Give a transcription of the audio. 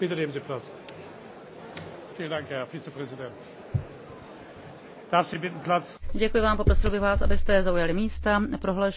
Bitte nehmen Sie Platz. Vielen Dank, Herr Vizepräsident. Děkuji vám, poprosil bych vás, abyste zaujali místa. Prohlaš,